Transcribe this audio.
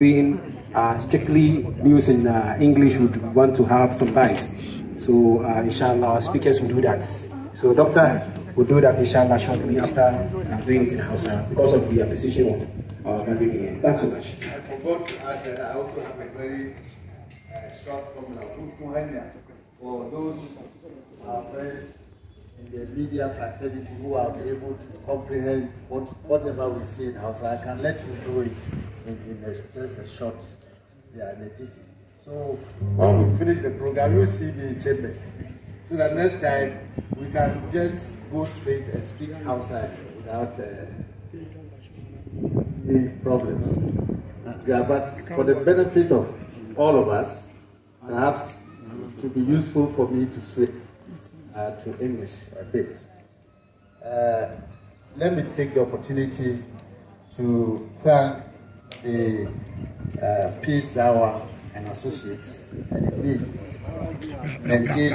doing uh, strictly news in uh, English would want to have some bites. So uh, inshallah, our speakers will do that. So doctor will do that inshallah shortly after uh, doing it in Hausa because of the position of my country here. Thanks so much. I forgot to add that I also have a very uh, short formula for those the media fraternity who are able to comprehend what, whatever we say in house. I can let you do it in, in a, just a short, yeah, in a teaching. So when we finish the program, you'll see me in chambers. So that next time we can just go straight and speak outside without uh, problems. Uh, yeah, but for the benefit of all of us, perhaps to be useful for me to say uh, to English a bit. Uh, let me take the opportunity to thank the uh, Peace Dawa and Associates and indeed engage